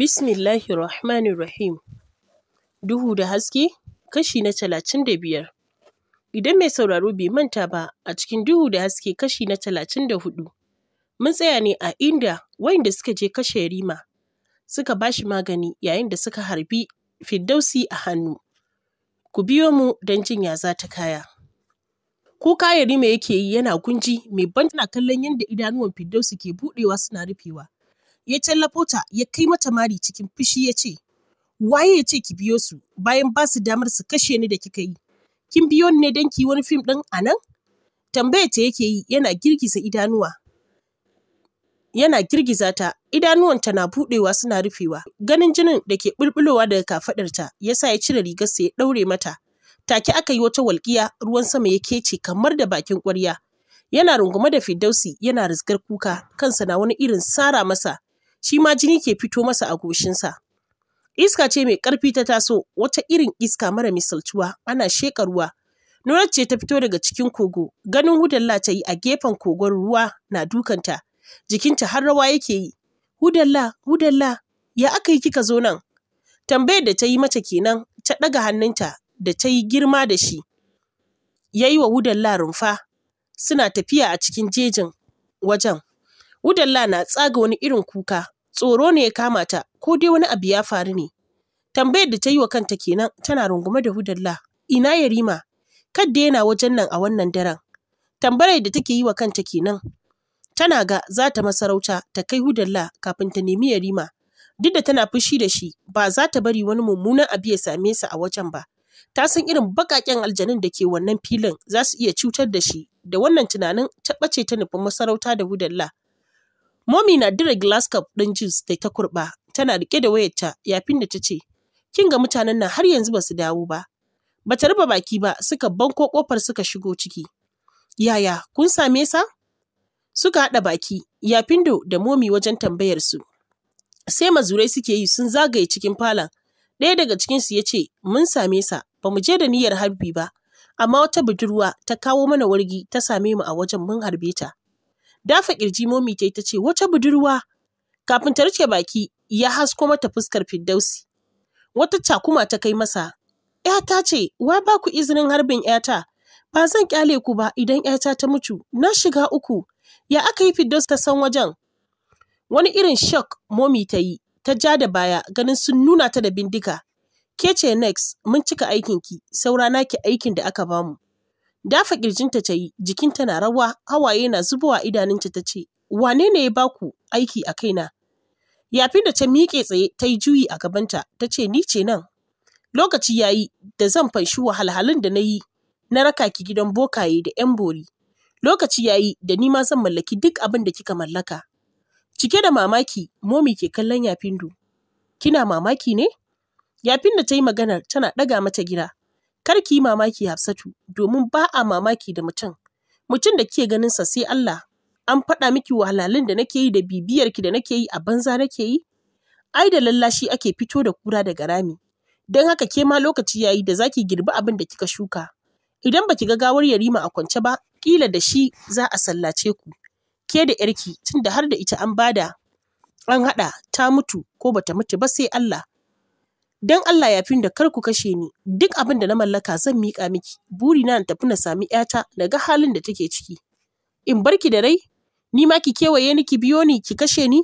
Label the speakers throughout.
Speaker 1: Bismillahi Rahmanir Rahim. Duhu da haske kashi na talatin da biyar. Idan mai sauraro bai manta ba a cikin duhu da haske kashi na talatin da hudu. Mun tsaya ne a inda wayanda suka je kashe Rima suka ba shi magani yayin da suka harbi Fiddausi a hannu. Ku biyo mu don jin ya za ta kaya. Kuka Yarima yake yi yana gunji mai ban tana kallon yadda idanuwan Fiddausi ke buɗewa suna rufewa. ya tallafo ta ya kai mata mari cikin fushi ya ce, Waye ya ce ki biyo su bayan ba su damar su kashe ni da kika yi? Kin biyo ni ne don ki wani fim ɗin a nan? Tambaya ta yake yi yana girgiza idanuwa. Yana girgiza ta, idanuwanta na buɗewa suna rufewa. Ganin jinin da ke ɓulɓulowa daga kafaɗarta ya sa ya cire rigarsa ya ɗaure mata. Take aka yi wata walƙiya ruwan sama ya kece kamar da bakin ƙwarya. yana rungume da Firdausi yana rizgar kuka kansa na wani irin sara masa shi ma jini ke fito masa a goshinsa. Iska ce mai ƙarfi ta taso, wata irin iska mara misaltuwa, ana sheƙa ruwa. Nurar ce ta fito daga cikin kogo, ganin Hudalla ta yi a gefen kogon ruwa na dukanta, jikinta har rawa yake yi. Hudalla, Hudalla, ya aka yi kika zo nan? Tambayar da ta yi mata kenan, ta ɗaga hannunta da ta yi girma da shi. Ya yi wa Hudalla rumfa, suna tafiya a cikin jejin wajen. Wudalla na tsaga wani irin kuka, tsoro ne ya kama ta, ko dai wani abu ya faru ne. Tambayar da ta yi wa kanta kenan tana rungume da Wudalla, ina Yarima, kadda yana wajen nan a wannan daren. Tambayar da take yi wa kanta kenan. Tana ga za ta masarauta ta kai Wudalla kafin ta nemi Yarima, duk da tana fushi da shi ba za ta bari wani mummunan abu ya same sa a wajen ba. ta san irin baƙaƙen aljanun da ke wannan filin za su iya cutar da shi da wannan tunanin ta ɓace ta nufin masarauta da hudalla Momi na dire glass cup ɗin juice da ta kurɓa, tana riƙe da wayarta yafin da ta ce, Kin ga mutanen nan har yanzu ba su dawo ba. Ba ta rufe baki ba, suka banko ƙofar suka shigo ciki. Yaya, kun same sa? Suka haɗa baki, yafindo da momi wajen tambayar su. Sai mazurai suke yi sun zagaye cikin falon. Ɗaya daga cikinsu ya ce, Mun same sa, ba mu je da niyyar harbi ba, amma wata budurwa ta kawo mana wargi ta same mu a wajen mun harbe ta. Dafa kirji momi ta yi ta ce, wata budurwa. Kafin ta rike baki, ya hasko mata fuskar Firdausi. Wata cakuma ta kai masa, ‘yata ce, wa ba ku izinin harbin ‘yata, ba zan kyale ku ba idan ‘yata ta mutu, na shiga uku, ya aka yi Firdaus ta san wajen. Wani irin shock momi ta yi, ta ja da baya ganin sun nuna ta da bindiga. Ke ce next, mun cika aikinki, saura ki aikin da aka bamu. Dafa kirjinta ta yi, jikinta na rawa, hawaye na zubowa idanunta ta ce, Wane ne ya baku aiki a kaina? Yafin da ta miƙe tsaye ta yi juyi a gabanta, ta ce, Ni ce nan. Lokaci ya yi da zan fanshi wahalhalun da na yi na raka ki gidan bokaye da ‘yan bori. Lokaci ya yi da ni ma zan mallaki duk abin da kika mallaka. Cike da mamaki, momi ke kallon Yafindu. Kina mamaki ne? Yafin da ta yi maganar tana ɗaga mata gida. Kar ki yi mamaki Hafsatu domin ba a mamaki da mutum. Mutum da kike sa sai Allah. An faɗa miki wahalhalun da nake yi da bibiyar ki da nake yi a banza nake yi? Ai da lallashi ake fito da kura daga rami. Don haka ke ma lokaci ya yi da za ki girbi abin da kika shuka. Idan baki ga gawar Yarima a kwance ba, ƙila da shi za a sallace ku. Ke da ‘yarki tunda har da ita an bada an haɗa ta mutu ko bata mutu ba sai Allah. don Allah ya fi da kar ku kashe ni duk abin da na mallaka zan miƙa miki buri na tafi na sami 'yata daga halin da take ciki in barki da rai ni ma ki kewaye ni ki biyo ni ki kashe ni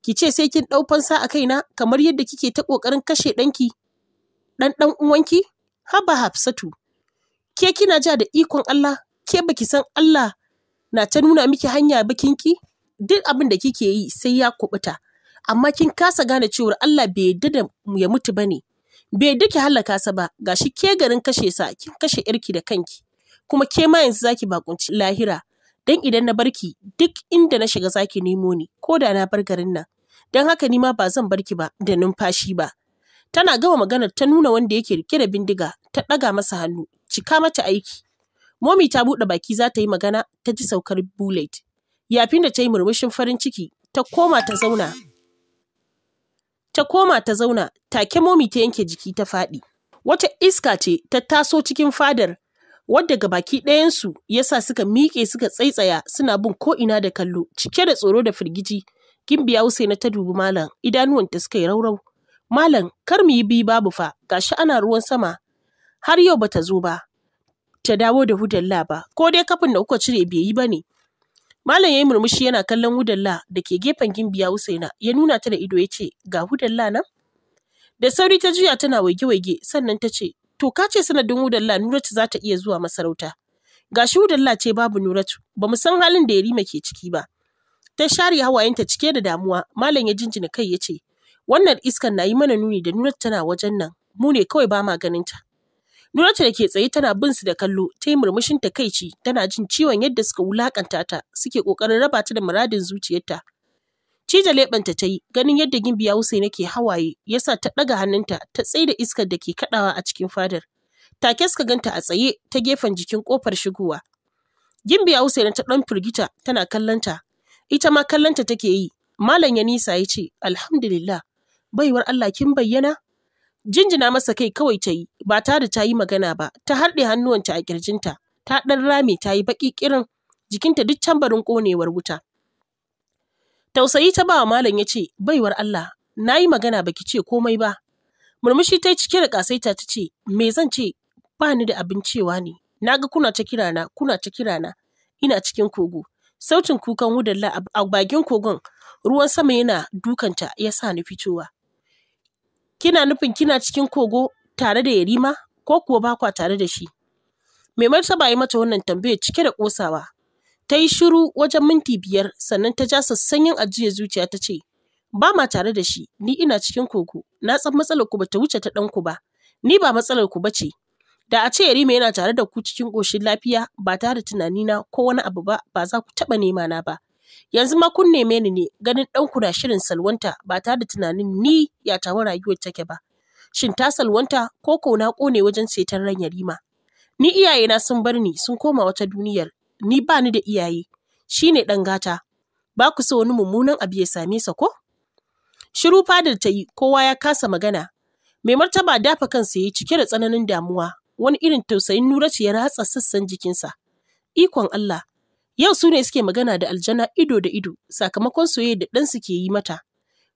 Speaker 1: ki ce sai kin ɗau fansa a kaina kamar yadda kike ta ƙoƙarin kashe ɗanki ɗan ɗan uwanki haba hafsatu ke kina ja da ikon Allah ke baki san Allah na ta nuna miki hanya bakin ki duk abin da kike yi sai ya kubuta amma kin kasa gane cewar Allah bai yarda da ya mutu bane bai yadda ki halaka sa ba gashi ke garin kashe sa kin kashe irki da kanki kuma ke ma yanzu zaki bakunci lahira dan idan na barki duk inda na shiga zaki nemo ni ko da na bar garin nan dan haka ni ma ba zan barki ba da numfashi ba tana gama maganar ta nuna wanda yake rike da bindiga ta ɗaga masa hannu cika mata aiki momi ta buɗe baki za ta yi magana ta ji saukar bullet yafin da ta yi murmushin farin ciki ta koma ta zauna ta koma ta zauna take momi ta yanke jiki ta faɗi wata iska ce ta taso cikin fadar wadda ga baki ɗayansu ya sa suka miƙe suka tsaitsaya suna bin ko'ina da kallo cike da tsoro da firgici gimbiya na ta dubi malam idanuwanta suka yi raurau malam kar mu yi bi babu fa gashi ana ruwan sama har yau bata zo ba ta dawo da hudalla ba ko dai kafin da kuka cire bai yi ba ne Malam ya yi murmushi yana kallon hudalla da ke gefen gimbiya Usaina ya nuna ta da ido ya ce, Ga hudalla nan? Da sauri ta juya tana waige-waige sannan ta ce, To ka ce sanadin hudalla Nuratu za ta iya zuwa masarauta. Ga shi hudalla ce babu Nuratu, ba mu san halin da Yarima ke ciki ba. Ta share hawayenta cike da damuwa, malam ya jinjina kai ya ce, Wannan iskan na yi mana nuni da Nuratu tana wajen nan, mu ne kawai ba ma ganinta. Nurata da ke tsaye tana bin su da kallo, ta yi murmushin takaici, tana jin ciwon yadda suka wulakanta ta, suke ƙoƙarin raba ta da muradin zuciyarta. Cija leɓanta ta yi, ganin yadda gimbiya Hussein ke hawaye, yasa ta ɗaga hannunta, ta tsaida iskar da ke kaɗawa a cikin fadar. Take suka ganta a tsaye ta gefen jikin ƙofar shigowa. Gimbiya Hussein ta ɗan firgita tana kallonta, ita ma kallonta take yi. Malam ya nisa ya ce, Alhamdulillah, baiwar Allah kin bayyana? Jinjina masa kai kawai ta yi, ba ta da ta yi magana ba, ta harɗe hannuwanta a ƙirjinta, ta ɗan rame ta yi baƙi ƙirin, jikinta duk tambarin ƙonewar wuta. Tausayi ta ba wa malam ya ce, baiwar Allah, na yi magana baki ce komai ba. Murmushi ta yi cike da ƙasaita ta ce, me zan ce, ba ni da abin cewa ne, na ga kuna ta kirana, kuna ta kirana, ina cikin kogo. Sautin kukan wudalla a bakin kogon, ruwan sama yana dukanta ya sa ni fitowa. kina nufin kina cikin kogo tare da yarima ko kuwa ba kwa tare da shi mai martaba yi mata wannan tambaya cike da kosawa ta yi shiru wajen minti biyar sannan ta ja sassanyin ajiyar zuciya ta ce ba ma tare da shi ni ina cikin kogo na san matsalar ku bata wuce ta ɗanku ba ni ba matsalar ku bace da a ce yarima yana tare da ku cikin koshin lafiya ba tare da tunanina ko wani abu ba ba za ku taɓa nema na ba Yanzu ma kun neme ni ne ganin dan kuna shirin salwanta ba ta da tunanin ni ya tawa rayuwar take ba. Shin ta salwanta ko ko na kone wajen ceton ran Yarima? Ni iyaye na sun bar ni sun koma wata duniyar, ni ba ni da iyaye, shi ne ɗan gata. Ba ku so wani mummunan abu ya same sa ko? Shiru fadar ta yi kowa ya kasa magana. Mai martaba dafa kansa ya yi cike da tsananin damuwa, wani irin tausayin nura ce ya ratsa sassan jikinsa. Ikon Allah, Yau su ne suke magana da aljana ido da ido sakamakon soyayya da ɗansu ke yi mata.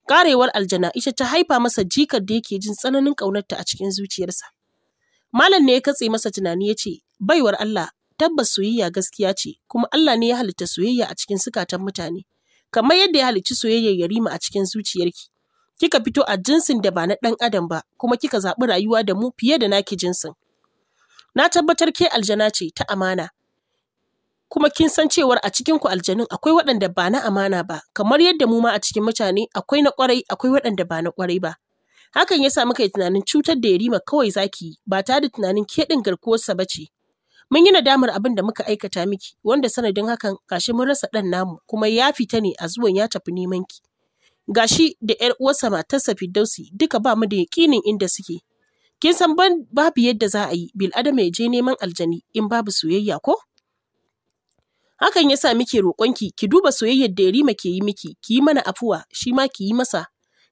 Speaker 1: Karewar aljana ita ta haifa masa jikar da yake jin tsananin ƙaunarta a cikin zuciyarsa. Malam ne ya katse masa tunani ya ce, Baiwar Allah, tabbas soyayya gaskiya ce, kuma Allah ne ya halitta soyayya a cikin sukatan mutane, kamar yadda ya halicci soyayyar yarima a cikin zuciyarki. Kika fito a jinsin da ba na ɗan adam ba, kuma kika zaɓi rayuwa da mu fiye da naki jinsin. Na tabbatar ke aljana ce ta amana, kuma kin san cewar a cikin ku aljanun akwai waɗanda ba na amana ba kamar yadda mu ma a cikin mutane akwai na kwarai akwai waɗanda ba na kwarai ba hakan yasa muka yi tunanin cutar da yarima kawai zaki yi ba tare da tunanin keɗin din garkuwarsa ba ce mun yi nadamar abin da muka aikata miki wanda sanadin hakan gashi mun rasa ɗan namu kuma ya fita ne a zuwan ya tafi neman ki gashi da ƴar uwarsa matarsa fidausi duka ba mu da yaƙinin inda suke kin san babu yadda za a yi bil adama ya je neman aljani in babu soyayya ko Hakan ya sa muke roƙonki ki duba soyayyar da Yarima ke yi miki, ki yi mana afuwa, shi ma ki yi masa.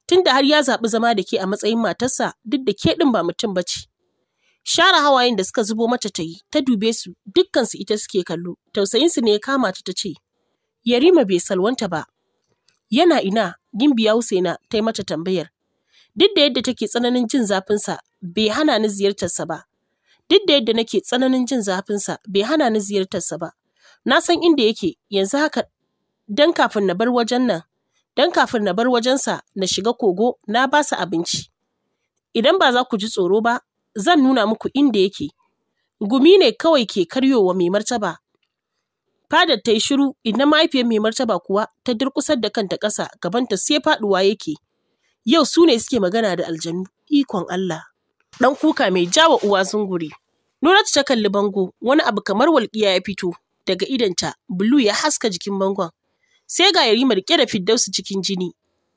Speaker 1: Tunda har ya zaɓi zama da ke a matsayin matarsa duk da ke ɗin ba mutum ba ce. Share hawayen da suka zubo mata ta yi, ta dube su, dukkansu ita suke kallo, tausayinsu ne ya kama ta ta ce, Yarima bai salwanta ba. Yana ina, Gimbiya Husaina ta yi mata tambayar. Duk da yadda take tsananin jin zafinsa, bai hana ni ziyartarsa ba. Duk da yadda nake tsananin jin zafinsa, bai hana ni ziyartarsa ba. na san inda yake yanzu haka dan kafin na bar wajen nan dan kafin na bar wajensa na shiga kogo na ba su abinci idan ba za ku ji tsoro ba zan nuna muku inda yake gumi ne kawai ke karyowa mai martaba fadar ta yi shiru idan mahaifiyar mai martaba kuwa ta durkusar da kanta ƙasa gabanta sai faɗuwa yake yau su ne suke magana da aljanu ikon Allah ɗan kuka mai jawa uwa zunguri Nuna ta kalli bango wani abu kamar walƙiya ya fito daga idonta, bulu ya haska jikin bangon. Sai ga Yarima rike da Firdausu cikin jini.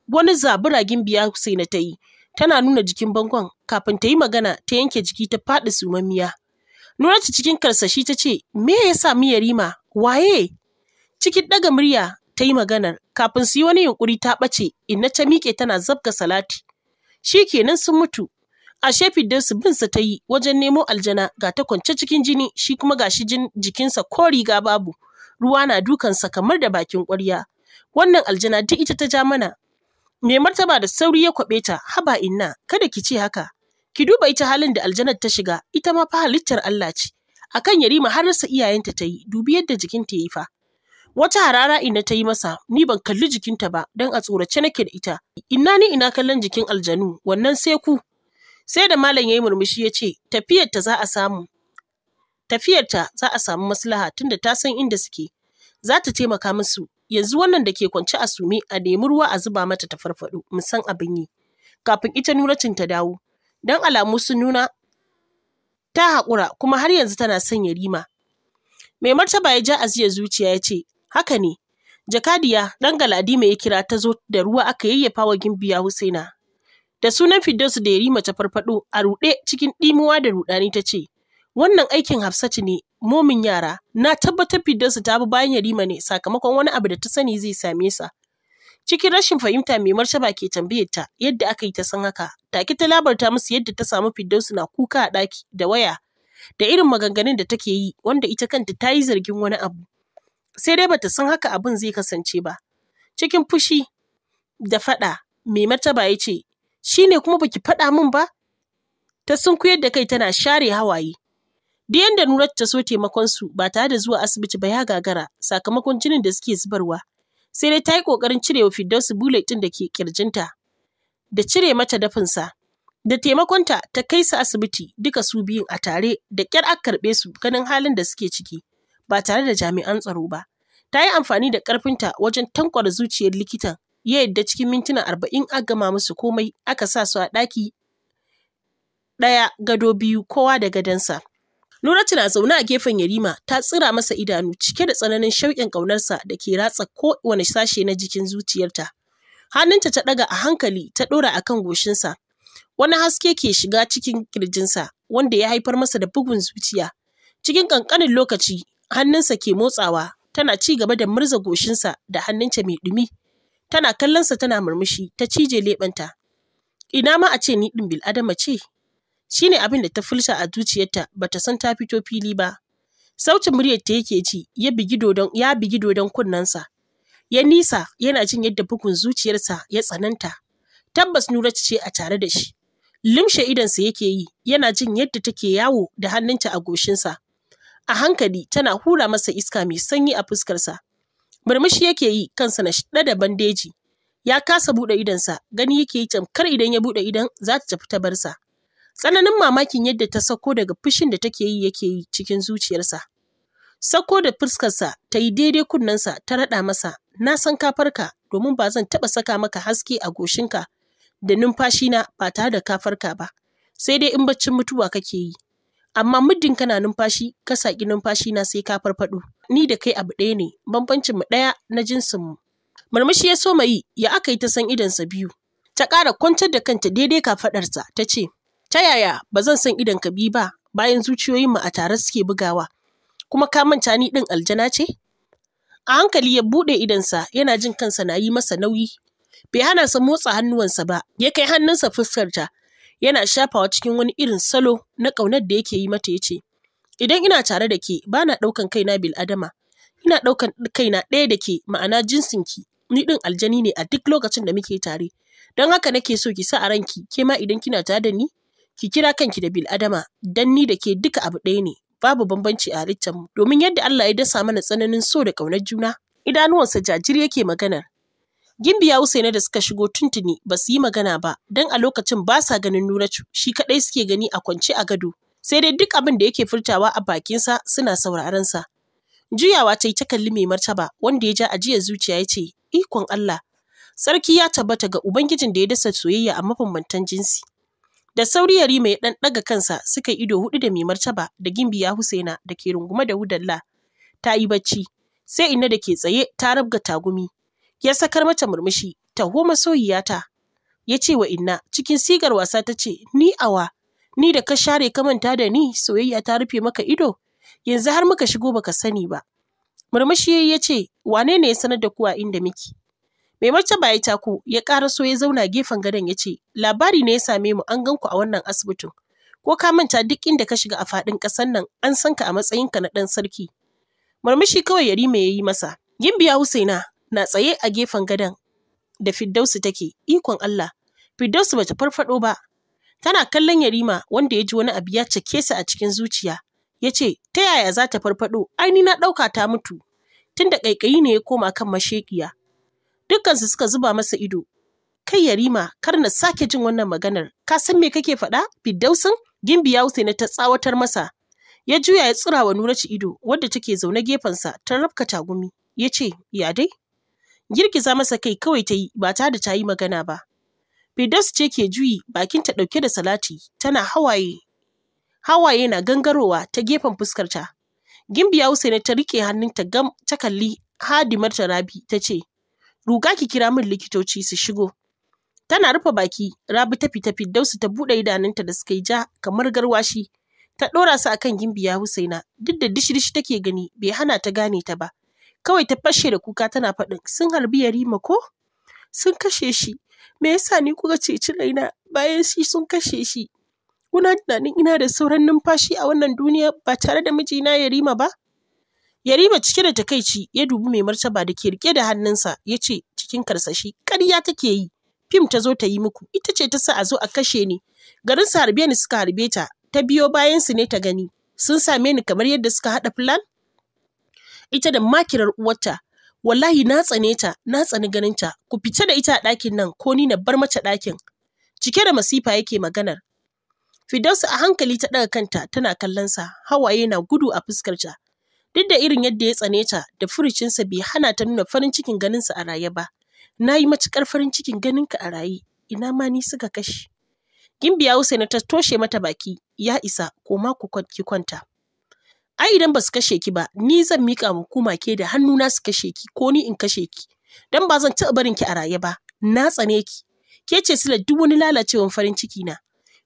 Speaker 1: Wani zaburagin biya Husaina ta yi, tana nuna jikin bangon kafin ta yi magana ta yanke jiki ta faɗi sumammiya. Nuratu cikin karsashi ta ce, Me ya sami Yarima? Waye? Cikin ɗaga murya ta yi maganar, kafin su yi wani yunƙuri ta ɓace, inna ta miƙe tana zabga salati. Shi kenan sun mutu, ashe Fiddausu bin binsa ta yi wajen nemo aljana ga ta kwance cikin jini shi kuma ga gashi jikinsa ko riga babu ruwa na dukansa kamar da bakin ƙwarya wannan aljana duk ita ta ja mana Mai martaba da sauri ya kwaɓe ta haba inna kada ki ce haka ki duba ita halin da aljanar ta shiga ita ma fa halittar Allah ce akan yarima har rasa iyayenta ta yi dubi yadda jikinta ya yi fa wata harara ina ta yi masa ni ban kalli jikinta ba don a tsorace nake da ita Inna ni ina kallon jikin aljanu wannan sai ku Sai da Malam ya yi murmushi ya ce, tafiyarta za a samu. Tafiyarta za a samu maslaha tunda ta san inda suke. Za ta taimaka musu. Yanzu wannan da ke kwance a sumi a nemi ruwa a zuba mata ta farfaɗo, musan abin yi. Kafin ita nuracin ta dawo. Don alamu sun nuna ta haƙura kuma har yanzu tana son ya rima. Mai martaba ya ja aziya zuciya ya ce, haka ne, Jakadiya ɗan Galadima ya kira ta zo da ruwa aka yayyafa wa Gimbiya Husaina Da sunan Firdausu da Yarima ta farfado, a ruɗe cikin ɗimuwa da ruɗani ta ce, Wannan aikin Hafsatu ne, momin yara, na tabbatar Firdausu ta bi bayan Yarima ne sakamakon wani abu da ta sani zai same sa. Cikin rashin fahimta mai martaba ke tambayar ta yadda aka yi ta san haka, take ta labarta musu yadda ta samu Firdausu na kuka a ɗaki da waya da irin maganganun da take yi wanda ita kanta ta yi zargin wani abu. Sai dai bata san haka abin zai kasance ba. Cikin fushi da faɗa mai martaba ya ce, shi ne kuma baki faɗa min ba? Ta sunkuyar da kai tana share hawaye. Duk yadda Nurat ta so taimakonsu ba tare da zuwa asibiti ba ya gagara sakamakon jinin da suke zubarwa. Sai dai ta yi ƙoƙarin cire wa Firdausu bullet ɗin da ke ƙirjinta da cire mata dafinsa. Da taimakonta ta kai su asibiti duka su biyun a tare da ƙyar aka karɓe su ganin halin da suke ciki ba tare da jami'an tsaro ba. Ta yi amfani da ƙarfinta wajen tankwara zuciyar likitan ya yadda cikin mintuna arba'in a gama musu komai aka sa su a ɗaki ɗaya gado biyu kowa da gadansa. Nura tana zaune a gefen Yarima ta tsira masa idanu cike da tsananin shauƙin ƙaunarsa da ke ratsa kowane sashe na jikin zuciyarta. Hannunta ta ɗaga a hankali ta ɗora a kan goshinsa. Wani haske ke shiga cikin ƙirjinsa wanda ya haifar masa da bugun zuciya. Cikin ƙanƙanin lokaci hannunsa ke motsawa tana ci gaba da murza goshinsa da hannunta mai ɗumi. tana kallonsa tana murmushi ta cije ta ina ma a ce ni ɗin bil'adama ce shi ne abin da ta fulsa a zuciyarta ba ta san ta fito fili ba sautin muryar ta yake ji ya bigi dodon ya bigi dodon kunnensa ya nisa yana jin yadda bugun zuciyarsa ya tsananta tabbas nura ce a tare da shi limshe idansa yake yi yana jin yadda take yawo da hannunta a goshinsa a hankali tana hura masa iska mai sanyi a fuskarsa murmushi yake yi kansa na shida da bandeji ya kasa buɗe idonsa gani yake yi tamkar idan ya buɗe idan za ta tafi ta bar sa tsananin mamakin yadda ta sako daga fushin da take yi yake yi cikin zuciyarsa sako da fuskarsa ta yi daidai kunnensa ta raɗa masa na san ka farka domin ba zan taɓa saka maka haske a goshinka da numfashina ba tare da ka farka ba sai dai in baccin mutuwa kake yi amma muddin kana numfashi ka saki numfashi na sai ka farfaɗo. ni da kai abu ɗaya ne bambancin mu ɗaya na jinsin mu murmushi ya so yi ya aka yi ta san idonsa biyu ta ƙara kwantar da kanta daidai kafaɗarsa ta ce ta yaya ba zan san idon ka biyu ba bayan zuciyoyin mu a tare suke bugawa kuma ka manta ni ɗin aljana ce a hankali ya buɗe idonsa yana jin kansa na yi masa nauyi bai hana sa motsa hannuwansa ba ya kai hannunsa fuskarta yana shafawa cikin wani irin salo na ƙaunar da yake yi mata ya ce, Idan ina tare da ke ba na ɗaukan kaina bil adama, ina ɗaukan kaina ɗaya da ke ma'ana jinsinki, ni ɗin aljani ne a duk lokacin da muke tare. Don haka nake so ki sa a ranki, ke ma idan kina tare da ni, ki kira kanki da bil adama, don ni da ke duka abu ɗaya ne, babu bambanci a halittarmu. Domin yadda Allah ya dasa mana tsananin so da ƙaunar juna, idanuwansa jajiri yake maganar, Gimbiya Usaina da suka shigo tuntuni ba su yi magana ba, don a lokacin ba sa ganin Nuratu, shi kaɗai suke gani a kwance a gado, sai dai duk abin da yake furtawa a bakinsa suna sauraronsa. Juyawa ta yi ta kalli mai martaba wanda ya ja ajiyar zuciya ya ce, Ikon Allah, sarki ya tabbata ga Ubangijin da ya dasa soyayya a mabambantan jinsi. Da sauri yari mai ɗan ɗaga kansa suka ido hudu da mai martaba da gimbiya Husaina da ke runguma da hudalla. Ta yi bacci, sai inna da ke tsaye ta rabga tagumi ya sakar mata murmushi taho masoyiyata ya ce wa inna cikin sigar wasa ta ce ni awa ni da ka share ka manta da ni soyayya ta rufe maka ido yanzu har muka shigo baka sani ba murmushi ya ce wane ne ya sanar da kuwa inda miki mai mace ba ya taku ya ƙara so ya zauna gefen gadon ya ce labari ne ya same mu an gan ku a wannan asibitin ko ka manta duk inda ka shiga a faɗin ƙasar nan an san ka a matsayinka na ɗan sarki murmushi kawai yarima ya yi masa yin biya husaina na tsaye a gefen gadon da Firdausu take, ikon Allah, Firdausu bata farfado ba. Tana kallon Yarima wanda ya ji wani abu ya cike sa a cikin zuciya. Ya ce, ta yaya za ta farfado? Ai na ɗauka ta mutu. Tunda ƙaiƙayi ne ya koma kan mashekiya. Dukkansu suka zuba masa ido. Kai Yarima, kar na sake jin wannan maganar. Ka san me kake faɗa? Firdausun? Gimbiya na ta tsawatar masa. Ya juya ya tsira wa Nuraci ido, wadda take zaune gefensa ta rafka tagumi. Ya ce, ya dai? girgiza masa kai kawai ta yi ba ta da ta yi magana ba Fidus ce ke juyi bakinta ɗauke da salati tana hawaye hawaye na gangarowa ta gefen fuskarta gimbiya husaina ta rike hannunta gam ta kalli Hadi marta rabi ta ce ruga ki kira min likitoci su shigo tana rufe baki rabi ta fita firdausu ta buɗe idanunta da suka yi ja kamar garwashi ta ɗora su akan gimbiya husaina duk da dishi-dishi take gani bai hana ta gane ta ba Kawai ta fashe da kuka tana faɗin sun harbi Yarima ko? Sun kashe shi. Me yasa ni kuka ceci raina bayan shi sun kashe shi? Kuna tunanin ina da sauran numfashi a wannan duniya ba tare da mijina Yarima ba? Yarima cike da takaici ya dubi mai martaba da ke rike da hannunsa ya ce cikin karsashi ƙarya take yi. Fim ta zo ta yi muku ita ce ta sa a zo a kashe ni. Garin su harbe ni suka harbe ta ta biyo bayan su ne ta gani. Sun same ni kamar yadda suka haɗa filan? ita da makirar uwarta wallahi na tsane ta na tsani ganin ta ku fita da ita a ɗakin nan ko ni na bar mace ɗakin cike da masifa yake maganar Fidausu a hankali ta ɗaga kanta tana kallon sa. hawaye na gudu a fuskarta duk da irin yadda ya tsane ta da furucinsa bai hana ta nuna farin cikin ganin sa a raye ba na yi matuƙar farin cikin ganin ka a raye ina ma ni suka kashe gimbiya Hussaina ta toshe mata baki ya isa koma ku kwanta ai idan ba su kashe ki ba ni zan mika ma hukuma ke da hannuna su kashe ki ko ni in kashe ki dan ba zan taɓa barin ki a raye ba na tsane ki ke ce sila duk wani lalacewan farin ciki na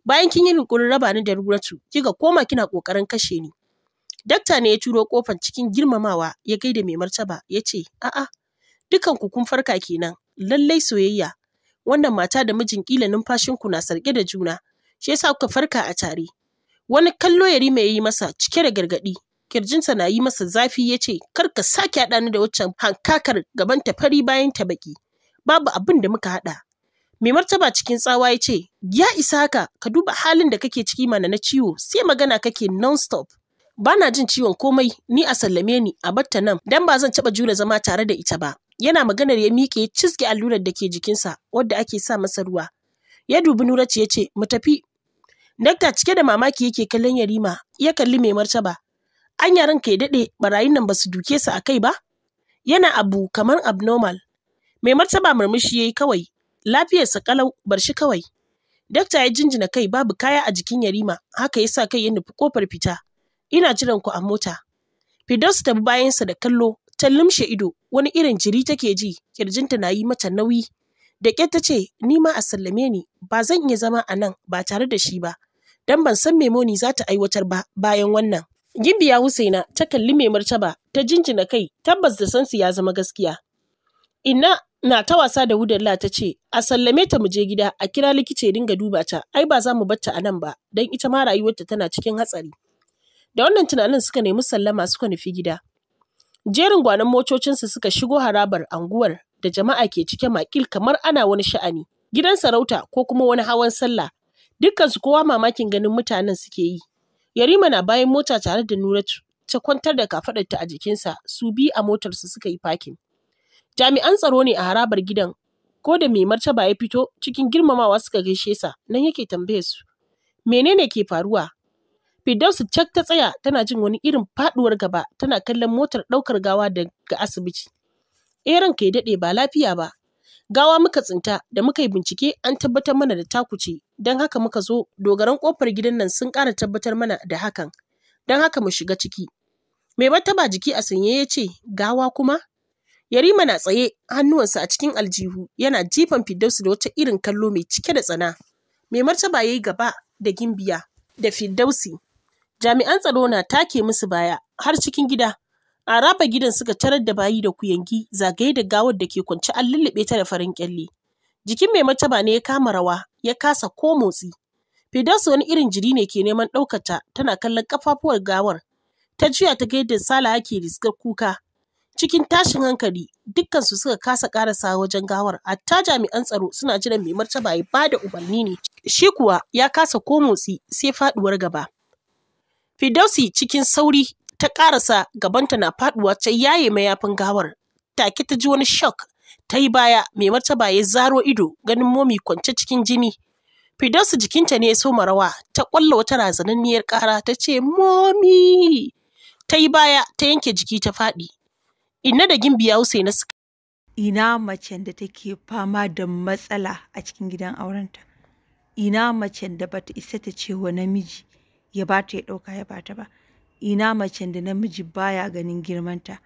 Speaker 1: bayan kin yi yunkurin raba ni da ruratu kika koma kina kokarin kashe ni dakta ne ya turo kofar cikin girmamawa ya gaida mai martaba ya ce a'a dukan ku kun farka kenan lallai soyayya wannan mata da mijin kila numfashin ku na sarke da juna shi yasa kuka farka a tare wani kallo ya rima ya yi masa cike da gargaɗi kirjinsa na yi masa zafi ya ce kar ka sake haɗa ni da waccan hankakar gaban ta fari bayan ta baki babu abin da muka haɗa mai martaba cikin tsawa ya ce ya isa haka ka duba halin da kake ciki mana na ciwo sai magana kake non-stop bana jin ciwon komai ni a sallame ni a batta nan dan ba zan taba jure zama tare da ita ba yana maganar ya miƙe ya cizge allurar da ke jikinsa wadda ake sa masa ruwa ya dubi nuraci ya ce mu tafi Dakta cike da mamaki yake kallon Yarima, ya kalli mai martaba. An yaran ka ya daɗe barayin nan ba su duke su akai ba? Yana abu kamar abnormal. Mai martaba murmushi yayi yi kawai, lafiyarsa kalau bar shi kawai. Dakta ya jinjina kai babu kaya a jikin Yarima, haka yasa kai ya nufi kofar fita. Ina jiran ku a mota. Fidos ta bayansa da kallo, ta lumshe ido, wani irin jiri take ji, kirjinta na yi mata nauyi. Da ƙyar ta ce, Ni ma a sallame ni, ba zan iya zama a nan ba tare da shi ba, don ban san Memoni za ta aiwatar ba bayan wannan. Gimbiya Husaina ta kalli mai martaba ta jinjina kai tabbas da sansu ya zama gaskiya. Inna na ta wasa da Hudalla ta ce, A sallame ta mu je gida a kira likita ya dinga duba ta, ai ba za mu batta a nan ba, don ita ma rayuwarta tana cikin hatsari. Da wannan tunanin suka nemi sallama suka nufi gida. Jerin gwanon mococinsu suka shigo harabar anguwar da jama'a ke cike makil kamar ana wani sha'ani, gidan sarauta ko kuma wani hawan sallah. dukkan su kowa mamakin ganin mutanen suke yi. Yarima na bayan mota tare da Nuratu ta kwantar da kafaɗarta a jikinsa su bi a motarsu suka yi fakin. Jami'an tsaro ne a harabar gidan ko da mai martaba ya fito cikin girmamawa suka gaishe sa nan yake tambaye su. Menene ke faruwa? Firdausu cak ta tsaya tana jin wani irin faɗuwar gaba tana kallon motar ɗaukar gawa daga asibiti. Eh ranka ya daɗe ba lafiya ba. Gawa muka tsinta da muka yi bincike an tabbatar mana da taku ce, don haka muka zo dogaran ƙofar gidan nan sun ƙara tabbatar mana da hakan, don haka mu shiga ciki. Mai martaba jiki a sanye ya ce, gawa kuma? Yarima na tsaye hannuwansa a cikin aljihu yana jifan Fiddausi da wata irin kallo mai cike da tsana. Mai martaba ya yi gaba da gimbiya da Fiddausi. Jami'an tsaro na take musu baya har cikin gida. a raba gidan suka tarar da bayi da kuyangi zagaye da gawar da ke kwance an lullube ta da farin kyalle jikin mai mataba ne ya kama rawa ya kasa ko motsi Fidansu wani irin jiri ne ke neman ɗaukata tana kallon kafafuwar gawar ta juya ta ga yadda sala yake riskar kuka cikin tashin hankali dukkansu suka kasa karasa wajen gawar hatta jami'an tsaro suna jiran mai martaba ya bada umarni ne shi kuwa ya kasa ko motsi sai faduwar gaba Fidausi cikin sauri ta ƙarasa gabanta na faɗuwa ta yaye mayafin gawar take ta ji wani shock ta yi baya mai martaba ya zaro ido ganin momi kwance cikin jini fidansu jikinta ne ya soma rawa ta kwallo wata razananniyar ƙara ta ce momi ta yi baya ta yanke jiki ta faɗi ina da gimbiya na suka ina macen da take fama da matsala a cikin gidan aurenta ina
Speaker 2: macen da bata isa ta ce wa namiji ya bata ya ɗauka ya bata ba ina macen da namiji baya ganin girmanta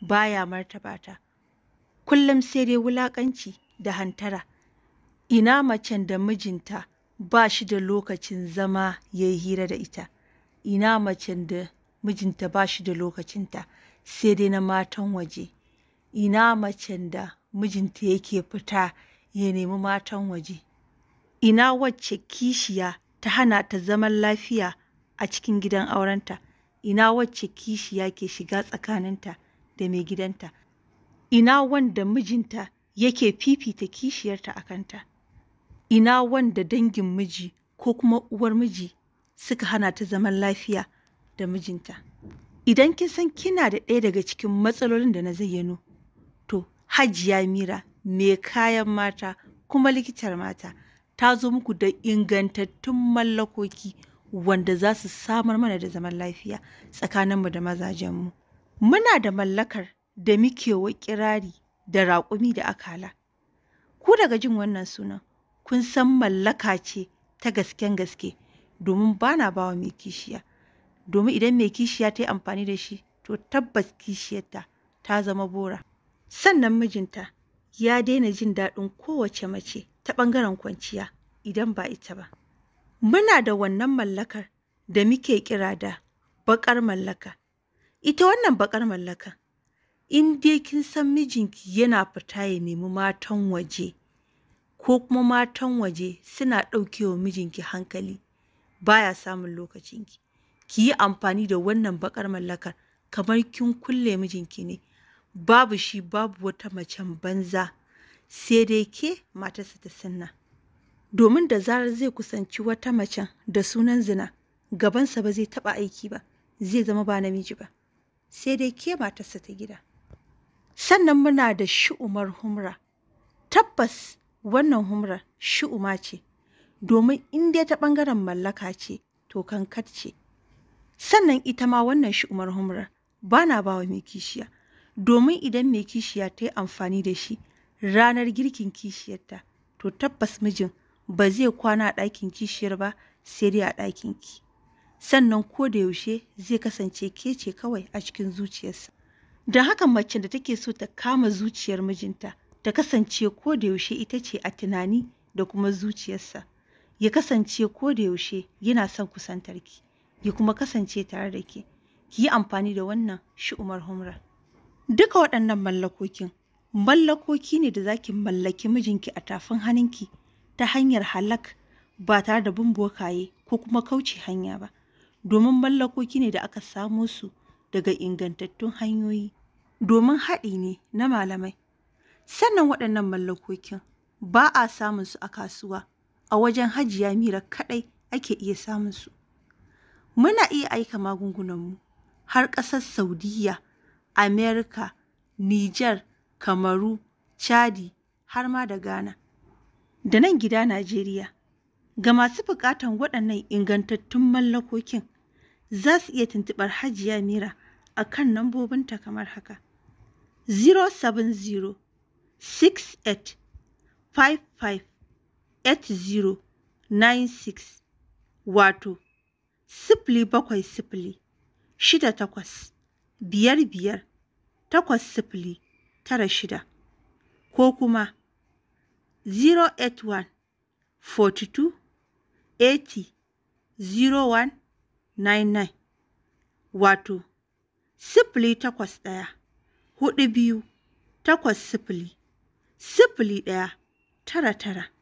Speaker 2: baya martaba ta kullum sai dai wulaƙanci da hantara ina macen da mijinta ba shi da lokacin zama ya yi hira da ita ina macen da mijinta ba shi da lokacinta sai dai na matan waje ina macen da mijinta yake fita ya nemi matan waje ina wacce kishiya ta hana ta zaman lafiya a cikin gidan aurenta Ina wacce kishiya ke shiga tsakaninta da mai gidanta? Ina wanda mijinta yake fifita kishiyarta a kanta? Ina wanda dangin miji ko kuma uwar miji suka hana ta zaman lafiya da mijinta? Idan kin san kina da ɗaya daga cikin matsalolin da na zayyano, to Hajiya Mira mai kayan mata kuma likitar mata ta zo muku da ingantattun mallakoki. wanda za su samar mana da zaman lafiya tsakaninmu da mazajenmu. Muna da mallakar da muke wa kirari da raƙumi da akala. Ku daga jin wannan sunan, kun san mallaka ce ta gasken gaske domin ba na ba wa mai kishiya. Domin idan mai kishiya ta yi amfani da shi, to tabbas kishiyarta ta zama bora. Sannan mijinta ya daina jin daɗin kowace mace ta ɓangaren kwanciya idan ba ita ba. Muna da wannan mallakar da muke kira da baƙar mallaka. Ita wannan baƙar mallaka in dai kin san mijinki yana fita ya nemi matan waje, ko kuma matan waje suna ɗauke mijinki hankali, baya samun lokacinki, ki yi amfani da wannan baƙar mallakar kamar kin kulle mijinki ne, babu shi babu wata macen banza, sai dai ke matarsa ta sunna. domin da zarar zai kusanci wata macen da sunan zina gabansa ba zai taɓa aiki ba zai zama ba namiji ba sai dai ke matarsa ta gida sannan muna da shi'umar humra tabbas wannan humra shi'uma ce domin in dai ta ɓangaren mallaka ce to kankar ce sannan ita ma wannan shi'umar humra ba na ba wa mai kishiya domin idan mai kishiya ta yi amfani da shi ranar girkin kishiyarta to tabbas mijin ba zai kwana a ɗakin kishiyar ba sai dai a ɗakin ki. Sannan ko da yaushe zai kasance ke ce kawai a cikin zuciyarsa. Da haka mace da take so ta kama zuciyar mijinta ta kasance ko da yaushe ita ce a tunani da kuma zuciyarsa. Ya kasance ko da yaushe yana son kusantar ki, ya kuma kasance tare da ke. Ki yi amfani da wannan shi Umar Humra. Duka waɗannan mallakokin mallakoki ne da zaki mallaki mijinki a tafin hannunki ta hanyar halak ba tare da bin bokaye ko kuma kauce hanya ba, domin mallakoki ne da aka samo su daga ingantattun hanyoyi, domin haɗi ne na malamai. Sannan waɗannan mallakokin ba a samun su a kasuwa, a wajen hajiya mira kaɗai ake iya samun su. Muna iya aika magungunanmu har ƙasar Saudiyya, Amerika, Nijar, Kamaru, Chadi har ma da Ghana. da nan gida Najeriya. Ga masu buƙatan waɗannan ingantattun mallakokin za su iya tuntuɓar Hajiya Mira a kan nambobinta kamar haka: 070 68 55 80 96 wato sifili bakwai sifili shida takwas biyar biyar takwas sifili tara shida ko kuma 081 42 80 0199 wato, sifili takwas ɗaya, huɗu biyu, takwas sifili, sifili ɗaya, tara tara.